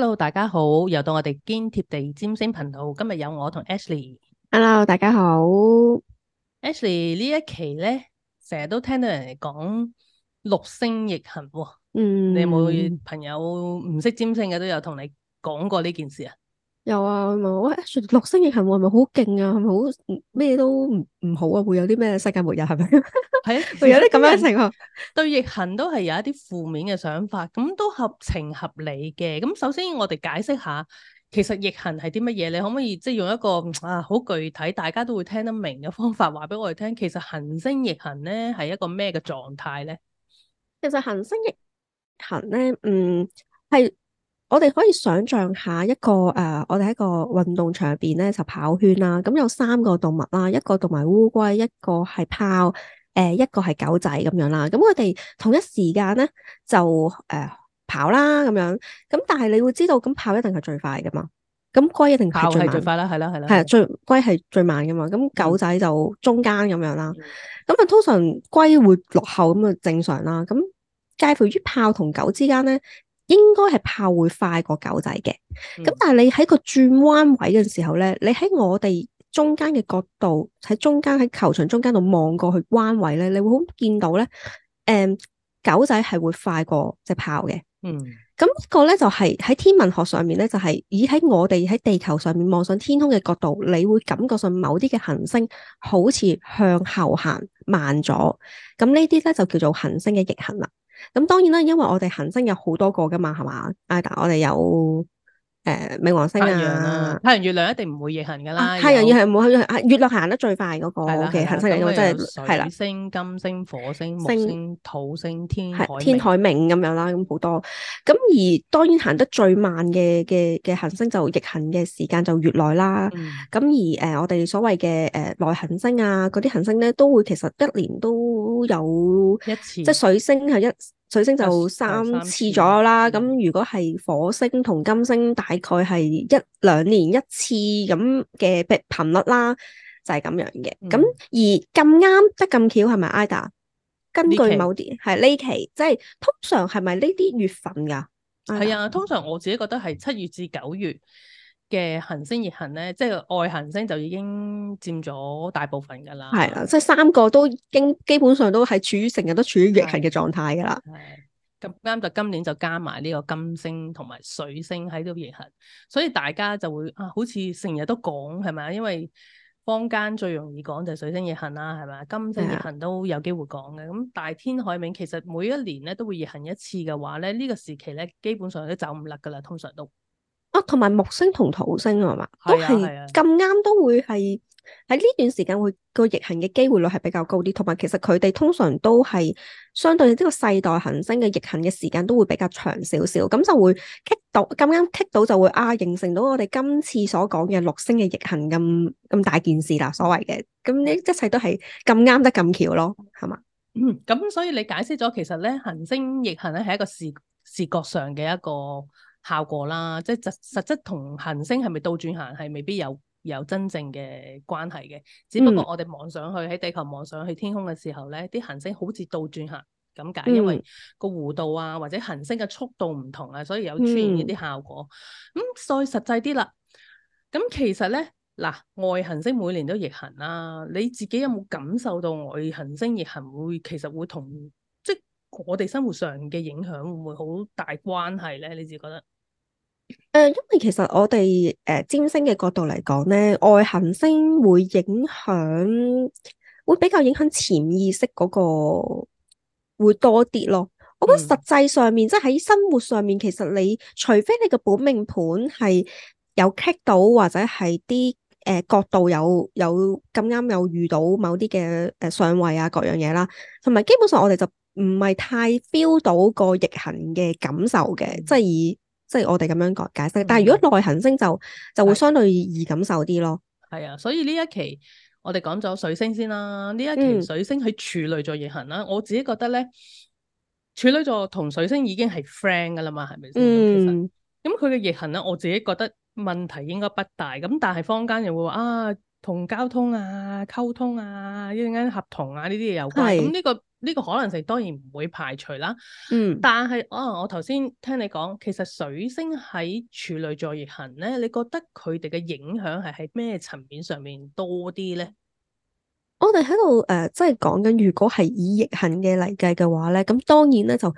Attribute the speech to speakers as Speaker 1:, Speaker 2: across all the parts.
Speaker 1: hello，大家好，又到我哋堅貼地占星頻道，今日有我同 Ashley。
Speaker 2: hello，大家好
Speaker 1: ，Ashley 呢一期呢，成日都聽到人哋講六星逆行，嗯，
Speaker 2: 你有冇
Speaker 1: 朋友唔識占星嘅都有同你講過呢件事啊？
Speaker 2: 有啊，喂，六星逆行係咪好勁啊？係咪好咩都唔唔好啊？會有啲咩世界末日係咪？
Speaker 1: 係啊， 會有啲咁樣嘅情況，對逆行都係有一啲負面嘅想法，咁都合情合理嘅。咁首先我哋解釋下，其實逆行係啲乜嘢？你可唔可以即係、就是、用一個啊好具體，大家都會聽得明嘅方法，話俾我哋聽。其實行星逆行咧係一個咩嘅狀態咧？其實行
Speaker 2: 星逆行咧，嗯係。我哋可以想像下一個誒、呃，我哋喺個運動場入邊咧就跑圈啦。咁有三個動物啦，一個動物烏龜，一個係豹，誒一個係狗仔咁樣啦。咁佢哋同一時間咧就誒、呃、跑啦咁樣。咁但係你會知道，咁豹一定係最快噶嘛。咁龜一定跑係最快
Speaker 1: 啦，係啦係啦。係啊，最
Speaker 2: 的龜係最慢噶嘛。咁狗仔就中間咁樣啦。咁啊，通常龜會落後咁啊正常啦。咁介乎於豹同狗之間咧。應該係炮會快過狗仔嘅，咁但係你喺個轉彎位嘅時候咧，嗯、你喺我哋中間嘅角度，喺中間喺球場中間度望過去彎位咧，你會好見到咧，誒、嗯，狗仔係會快過隻炮嘅，嗯，咁呢個咧就係喺天文學上面咧，就係以喺我哋喺地球上面望上天空嘅角度，你會感覺上某啲嘅行星好似向後行慢咗，咁呢啲咧就叫做行星嘅逆行啦。咁當然啦，因為我哋行星有好多個噶嘛，係嘛？艾達，我哋有誒，冥王星啊，太
Speaker 1: 陽、月亮一定唔會逆行噶啦。太陽月係唔
Speaker 2: 會啊，月亮行
Speaker 1: 得最快嗰個嘅行星嚟。我真係係啦，水星、金星、火星、木星、土星、天海天海
Speaker 2: 冥，咁樣啦，咁好多。咁而當然行得最慢嘅嘅嘅行星就逆行嘅時間就越耐啦。咁而誒，我哋所謂嘅誒內行星啊，嗰啲行星咧都會其實一年都。都有一次，即係水星係一水星就三次左右啦。咁、嗯、如果係火星同金星，大概係一兩年一次咁嘅頻率啦，就係、是、咁樣嘅。咁、嗯、而咁啱得咁巧係咪 Ada 根據某啲係呢期，即係通常係咪呢啲月份噶？
Speaker 1: 係啊，通常我自己覺得係七月至九月。嘅行星逆行咧，即係外行星就已經佔咗大部分噶啦。係啊的，的即係
Speaker 2: 三個都經基本上都係處於成日都處於逆行嘅狀態噶啦。係
Speaker 1: 咁啱就今年就加埋呢個金星同埋水星喺度逆行，所以大家就會啊，好似成日都講係咪？因為坊間最容易講就係水星逆行啦，係咪，金星逆行都有機會講嘅。咁的大天海冥其實每一年咧都會逆行一次嘅話咧，呢個時期咧基本上都走唔甩噶啦，通常都。
Speaker 2: 哦，同埋、啊、木星同土星係嘛，啊啊、都係咁啱，都會係喺呢段時間會個逆行嘅機會率係比較高啲，同埋其實佢哋通常都係相對呢個世代行星嘅逆行嘅時間都會比較長少少，咁就會棘到咁啱棘到就會啊，形成到我哋今次所講嘅六星嘅逆行咁咁大件事啦，所謂嘅，咁呢一切都係咁啱得咁巧咯，係嘛？嗯，
Speaker 1: 咁所以你解釋咗其實咧，行星逆行咧係一個視視覺上嘅一個。效果啦，即係實實質同行星係咪倒轉行係未必有有真正嘅關係嘅，只不過我哋望上去喺、嗯、地球望上去天空嘅時候咧，啲行星好似倒轉行咁解，因為個弧度啊或者行星嘅速度唔同啊，所以有出現啲效果。咁再、嗯嗯、實際啲啦，咁其實咧嗱、呃，外行星每年都逆行啦，你自己有冇感受到外行星逆行會其實會同我哋生活上嘅影響會唔會好大關係咧？你自己覺得？誒、呃，
Speaker 2: 因為其實我哋誒占星嘅角度嚟講咧，外行星會影響，會比較影響潛意識嗰、那個會多啲咯。我覺得實際上面，嗯、即係喺生活上面，其實你除非你嘅本命盤係有棘到，或者係啲誒角度有有咁啱有遇到某啲嘅誒相位啊，各樣嘢啦，同埋基本上我哋就。唔係太 feel 到個逆行嘅感受嘅，即係以即係我哋咁樣解解釋。但係如果內行星就就會相對易感受啲咯。
Speaker 1: 係啊，所以呢一期我哋講咗水星先啦。呢一期水星喺處女座逆行啦，嗯、我自己覺得咧，處女座同水星已經係 friend 噶啦嘛，係咪先？咁佢嘅逆行咧，我自己覺得問題應該不大。咁但係坊間又會話啊，同交通啊、溝通啊、一啲啲合同啊呢啲嘢有關。咁呢個呢個可能性當然唔會排除啦，嗯，但係啊，我頭先聽你講，其實水星喺處女座逆行咧，你覺得佢哋嘅影響係喺咩層面上面多啲咧？
Speaker 2: 我哋喺度誒，即係講緊，如果係以逆行嘅嚟計嘅話咧，咁當然咧就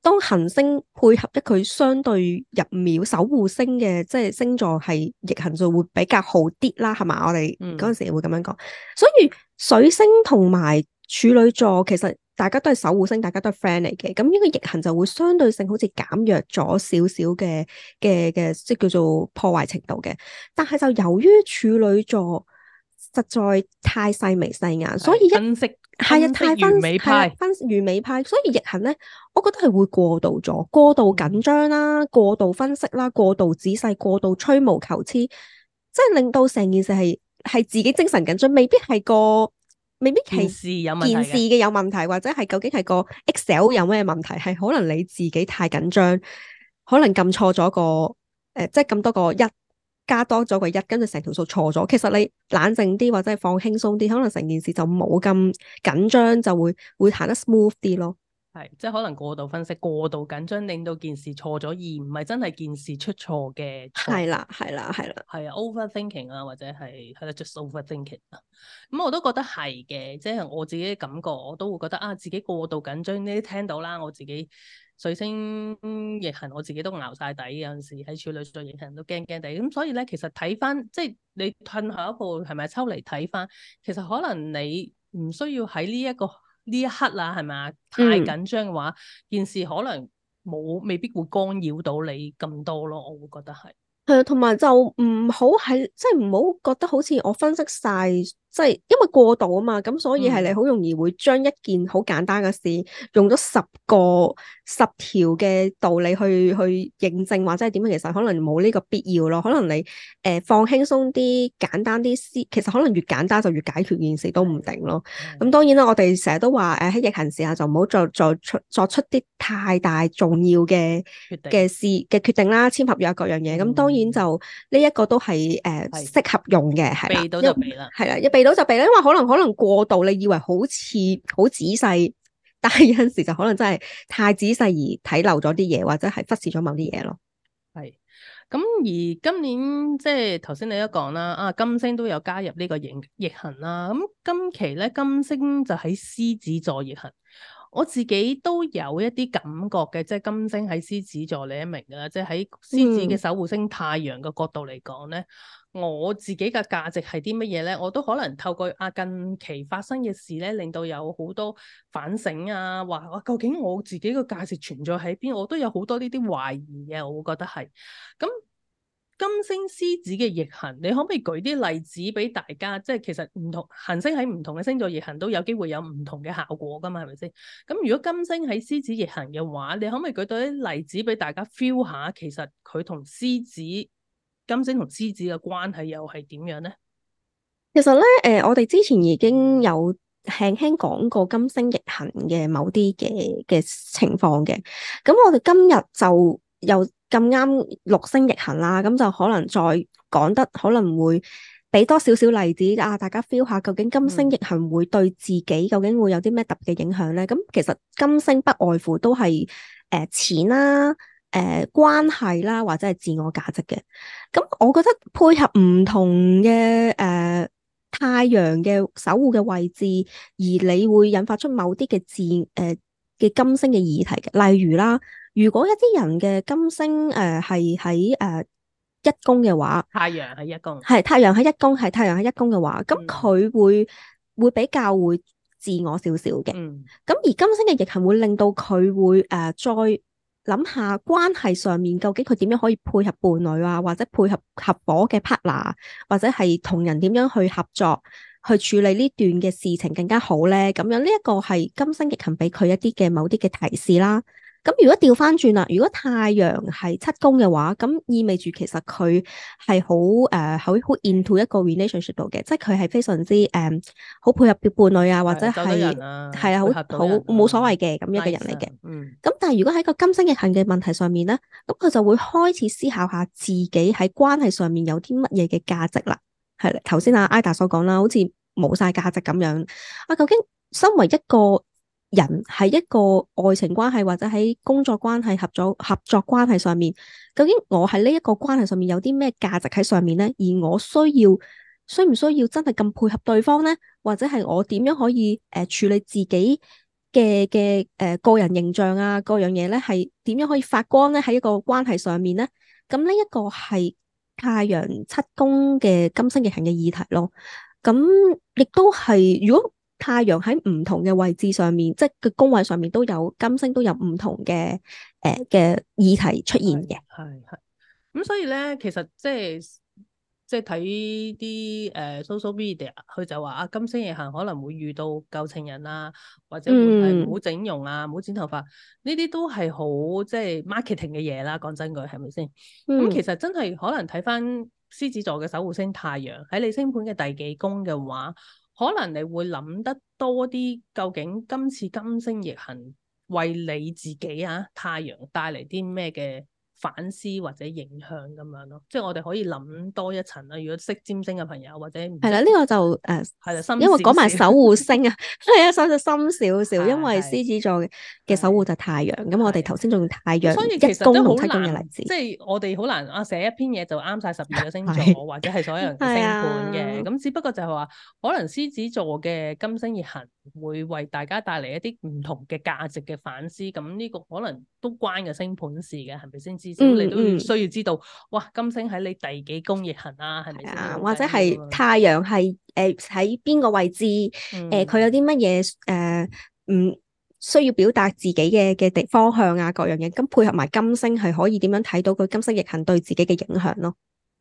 Speaker 2: 當行星配合得佢相對入廟守護星嘅，即係星座係逆行就會比較好啲啦，係嘛？我哋嗰陣時會咁樣講，嗯，所以水星同埋處女座其實。大家都係守護星，大家都係 friend 嚟嘅，咁呢個逆行就會相對性好似減弱咗少少嘅嘅嘅，即叫做破壞程度嘅。但係就由於處女座實在太細眉細眼，所以一析係啊，太分美派、分魚美派，所以逆行咧，我覺得係會過度咗，過度緊張啦，過度分析啦，過度仔細，過度吹毛求疵，即係令到成件事係係自己精神緊張，未必係個。未必係件事有問題，件事嘅，有問題或者係究竟係個 Excel 有咩問題？係可能你自己太緊張，可能撳錯咗個誒、呃、即係撳多個一加多咗個一，跟住成條數錯咗。其實你冷靜啲或者係放輕鬆啲，可能成件事就冇咁緊張就會會彈得 smooth 啲咯。
Speaker 1: 係，即係可能過度分析、過度緊張，令到件事錯咗，而唔係真係件事出錯嘅。係啦，係啦，係啦，係啊，overthinking 啊，的 over thinking, 或者係係啦，just overthinking 啊。咁、嗯、我都覺得係嘅，即係我自己嘅感覺，我都會覺得啊，自己過度緊張呢，聽到啦，我自己水星逆行，我自己都熬晒底，有陣時喺處女座逆行都驚驚哋。咁、嗯、所以咧，其實睇翻，即係你褪後一步，係咪抽離睇翻？其實可能你唔需要喺呢一個。呢一刻啦，係咪？太緊張嘅話，嗯、件事可能冇未必會干擾到你咁多咯。我會覺得係
Speaker 2: 係，同埋就唔好喺，即係唔好覺得好似我分析晒。即係因為過度啊嘛，咁所以係你好容易會將一件好簡單嘅事、嗯、用咗十個十條嘅道理去去認證，或者係點樣，其實可能冇呢個必要咯。可能你誒、呃、放輕鬆啲，簡單啲思，其實可能越簡單就越解決件事都唔定咯。咁的、嗯、當然啦，我哋成日都話誒喺逆行時候就唔好再再出作出啲太大重要嘅嘅定事嘅決定啦，簽合約各樣嘢。咁、嗯嗯、當然就呢一、這個都係誒適合用嘅，係啦，係啦，一睇到就弊啦，因為可能可能過度，你以為好似好仔細，但係有陣時就可能真係太仔細而睇漏咗啲嘢，或者係忽視咗某啲嘢咯。
Speaker 1: 係，咁而今年即係頭先你都講啦，啊金星都有加入呢個影逆，逆行啦，咁今期咧金星就喺獅子座逆行。我自己都有一啲感覺嘅，即係金星喺獅子座你一明噶啦，即係喺獅子嘅守護星太陽嘅角度嚟講咧，嗯、我自己嘅價值係啲乜嘢咧？我都可能透過啊近期發生嘅事咧，令到有好多反省啊，話我究竟我自己嘅價值存在喺邊？我都有好多呢啲懷疑嘅，我會覺得係咁。金星獅子嘅逆行，你可唔可以舉啲例子俾大家？即係其實唔同行星喺唔同嘅星座逆行都有機會有唔同嘅效果噶嘛，係咪先？咁如果金星喺獅子逆行嘅話，你可唔可以舉到啲例子俾大家 feel 下？其實佢同獅子，金星同獅子嘅關係又係點樣呢？
Speaker 2: 其實咧，誒、呃，我哋之前已經有輕輕講過金星逆行嘅某啲嘅嘅情況嘅，咁我哋今日就。又咁啱六星逆行啦，咁就可能再講得可能會俾多少少例子啊，大家 feel 下究竟金星逆行會對自己究竟會有啲咩特別嘅影響呢？咁、嗯、其實金星不外乎都係誒、呃、錢啦、誒、呃、關係啦或者係自我價值嘅。咁我覺得配合唔同嘅誒、呃、太陽嘅守護嘅位置，而你會引發出某啲嘅自誒嘅、呃、金星嘅議題嘅，例如啦。.如果一啲人嘅金星誒、係喺、誒一宮嘅話，
Speaker 1: 太陽喺一宮，
Speaker 2: 係太陽喺一宮，係太陽喺一宮嘅話，咁佢會、嗯、會比較會自我少少嘅。咁、嗯、而金星嘅逆行會令到佢會誒、呃、再諗下關係上面究竟佢點樣可以配合伴侶啊，或者配合合伙嘅 partner，或者係同人點樣去合作去處理呢段嘅事情更加好咧。咁樣呢一個係金星逆行俾佢一啲嘅某啲嘅提示啦。咁如果調翻轉啦，如果太陽係七宮嘅話，咁意味住其實佢係好誒好好 into 一個 relationship 度嘅，即係佢係非常之誒好配合啲伴侶啊，或者係係啊，好好冇所謂嘅咁一個人嚟嘅。咁、nice 啊嗯、但係如果喺個金星逆行嘅問題上面咧，咁佢就會開始思考下自己喺關係上面有啲乜嘢嘅價值啦。係啦，頭先阿 Ada 所講啦，好似冇晒價值咁樣。啊，究竟身為一個人喺一個愛情關係或者喺工作關係合作合作關係上面，究竟我喺呢一個關係上面有啲咩價值喺上面呢？而我需要需唔需要真係咁配合對方呢？或者係我點樣可以誒、呃、處理自己嘅嘅誒個人形象啊各樣嘢呢，係點樣可以發光呢？喺一個關係上面呢，咁呢一個係太陽七宮嘅今生嘅行嘅議題咯。咁亦都係如果。太陽喺唔同嘅位置上面，即係個宮位上面都有金星都有唔同嘅誒嘅議題出現嘅。
Speaker 1: 係係咁，所以咧，其實即係即係睇啲誒，social media，佢就話、是、啊，金星逆行可能會遇到舊情人啊，或者係唔好整容啊，唔好、嗯、剪頭髮呢啲都係好即係、就是、marketing 嘅嘢啦。講真句係咪先？咁、嗯、其實真係可能睇翻獅子座嘅守護星太陽喺你星盤嘅第幾宮嘅話？可能你會諗得多啲，究竟今次金星逆行為你自己呀，太陽帶嚟啲咩嘅反思或者影響咁樣咯，即係我哋可以諗多一層啦。如果識占星嘅朋友或者係啦，呢、呢
Speaker 2: 個就誒係啦，呃、深小小因為講埋守護星啊，係啊， 所以深少少，對因為獅子座嘅嘅守護就係太陽。咁對我哋頭先仲要太陽對一宮六七宮嘅例子，即係、就
Speaker 1: 是、我哋好難啊寫一篇嘢就啱晒十二個星座 對或者係所有人嘅星盤嘅。咁、 啊、只不過就係話，可能獅子座嘅金星逆行會為大家帶嚟一啲唔同嘅價值嘅反思。咁呢個可能都關個星盤事嘅，係咪先知？嗯，你都需要知道，嗯嗯、哇，金星喺你第幾宮逆行啊？係咪啊？或者係
Speaker 2: 太陽係誒喺邊個位置？誒、嗯，佢、呃、有啲乜嘢誒？唔、呃、需要表達自己嘅嘅地方向啊，各樣嘢。咁配合埋金星，係可以點樣睇到佢金星逆行對自己嘅影響
Speaker 1: 咯？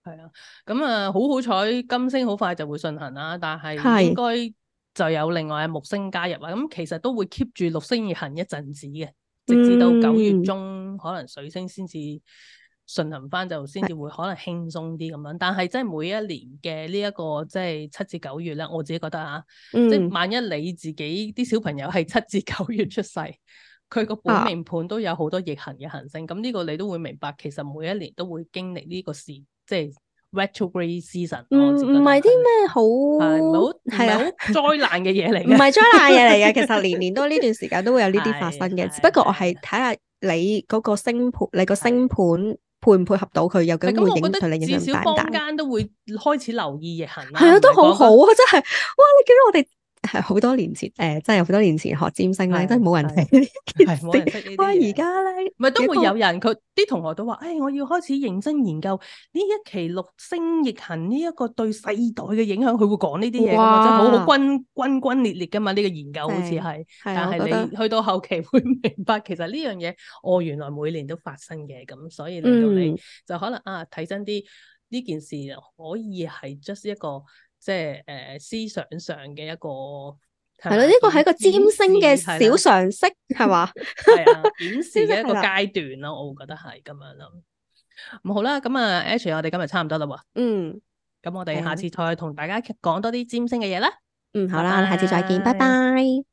Speaker 1: 係啊，咁啊，好好彩，金星好快就會順行啦、啊。但係應該就有另外嘅木星加入啊。咁其實都會 keep 住六星逆行一陣子嘅，直至到九月中。可能水星先至順行翻，就先至會可能輕鬆啲咁樣。但係即係每一年嘅呢一個即係七至九月咧，我自己覺得嚇，嗯、即係萬一你自己啲小朋友係七至九月出世，佢個本命盤都有好多逆行嘅行星。咁呢、啊、個你都會明白，其實每一年都會經歷呢個事，即係 retrograde season
Speaker 2: 囉唔係啲咩好係唔係好係啊
Speaker 1: 災難嘅嘢嚟？唔 係災難嘅嘢嚟嘅。其實年
Speaker 2: 年都呢段時間都會有呢啲發生嘅。只不過我係睇下。的你嗰個星盤，你個星盤配唔配合到佢又的有幾多影響？你影響大唔大？咁坊
Speaker 1: 間都會開始留意逆行啦。係啊，都好的好啊！ 真係，
Speaker 2: 哇！你見到我哋。係好多年前，誒、呃，真係好多年前學占星啦，的真係冇人識，係
Speaker 1: 冇人識、哎、呢而家咧，唔係都會有人，佢啲同學都話：，誒、哎，我要開始認真研究呢一期六星逆行呢一個對世代嘅影響。佢會講呢啲嘢，或者哇好好轟轟轟烈烈噶嘛？呢、這個研究好似係，的但係你去到後期會明白，其實呢樣嘢，我原來每年都發生嘅。咁所以令到你、嗯、就可能啊睇真啲呢件事可以係 just 一個。即係誒、呃，思想上嘅一個係咯，呢個係一個占星嘅小常識，係嘛 的？顯 示嘅一個階段咯， 我會覺得係咁樣咯。咁好啦，咁啊 H，我哋今日差唔多啦，嗯。咁我哋下次再同大家講多啲占星嘅嘢啦。
Speaker 2: 嗯，好啦，我哋 下次再見，拜
Speaker 1: 拜。 bye bye